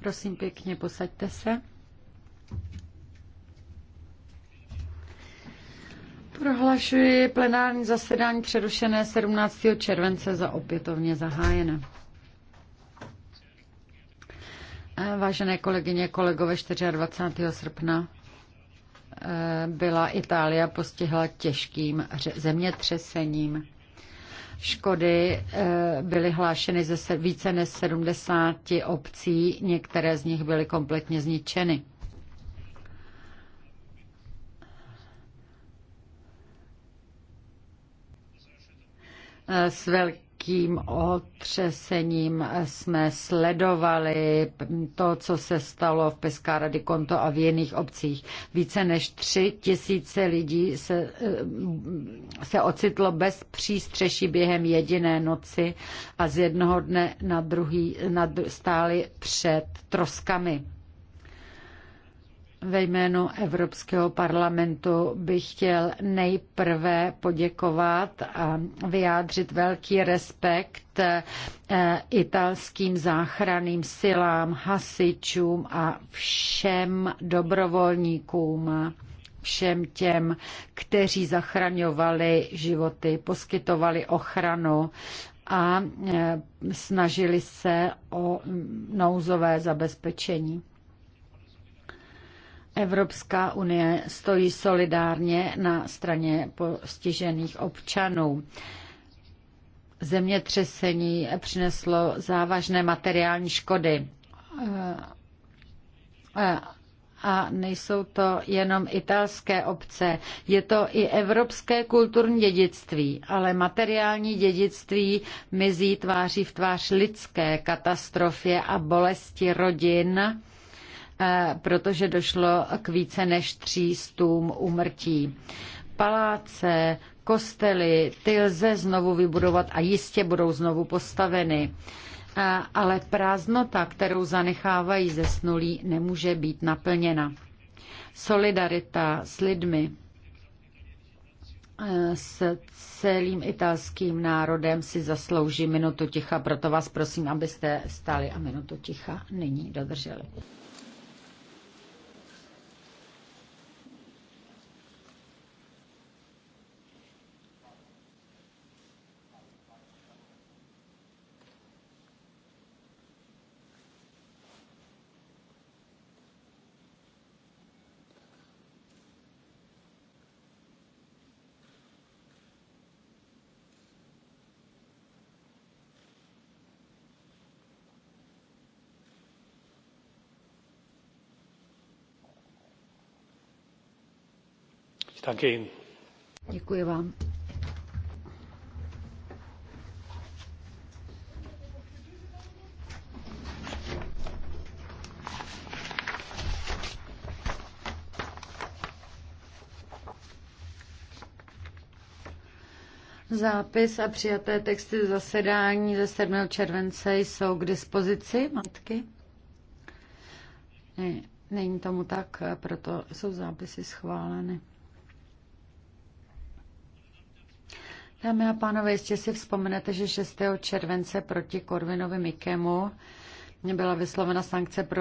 Prosím pěkně, posaďte se. Prohlašuji plenární zasedání přerušené 17. července za opětovně zahájené. Eh, vážené kolegyně, kolegové, 24. srpna eh, byla Itálie postihla těžkým zemětřesením. Škody eh, byly hlášeny ze více než 70 obcí, některé z nich byly kompletně zničeny. Eh, s velkým velkým otřesením jsme sledovali to, co se stalo v Peskára di a v jiných obcích. Více než tři tisíce lidí se, eh, se ocitlo bez přístřeší během jediné noci a z jednoho dne na druhý na, stáli před troskami. Ve jménu Evropského parlamentu bych chtěl nejprve poděkovat a vyjádřit velký respekt eh, italským záchranným silám, hasičům a všem dobrovolníkům všem těm, kteří zachraňovali životy, poskytovali ochranu a eh, snažili se o nouzové zabezpečení. Evropská unie stojí solidárně na straně postižených občanů. Zemětřesení přineslo závažné materiální škody. A nejsou to jenom italské obce, je to i evropské kulturní dědictví, ale materiální dědictví mizí tváří v tvář lidské katastrofě a bolesti rodin, protože došlo k více než 300 úmrtí. Paláce, kostely, ty lze znovu vybudovat a jistě budou znovu postaveny. Ale prázdnota, kterou zanechávají zesnulí, nemůže být naplněna. Solidarita s lidmi, e, s celým italským národem si zaslouží minutu ticha, proto vás prosím, abyste stáli a minutu ticha nyní dodrželi. Děkuji vám. Zápis a přijaté texty zasedání ze 7. července jsou k dispozici, matky? Ne, není tomu tak, proto jsou zápisy schváleny. Dámy a pánové, jistě si vzpomenete, že 6. července proti Korvinovi Mikemu byla vyslovena sankce pro